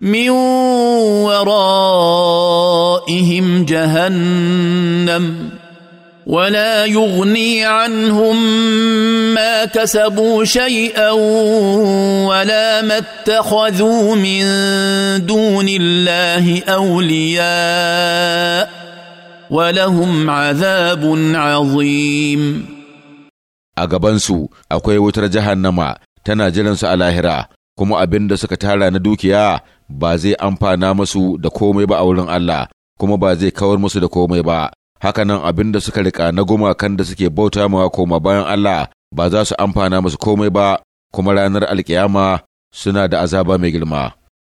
من ورائهم جهنم ولا يغني عنهم ما كسبوا شيئا ولا ما اتخذوا من دون الله اولياء ولهم عذاب عظيم a gabansu akwai wutar jahannama tana jiransu a lahira kuma abin da suka tara na dukiya ba zai amfana musu da komai ba a wurin Allah kuma ba zai kawar musu da komai ba hakanan abin da suka rika na gumakan da suke bauta mawa koma bayan Allah ba za su amfana musu komai ba kuma ranar alkiyama suna da azaba mai girma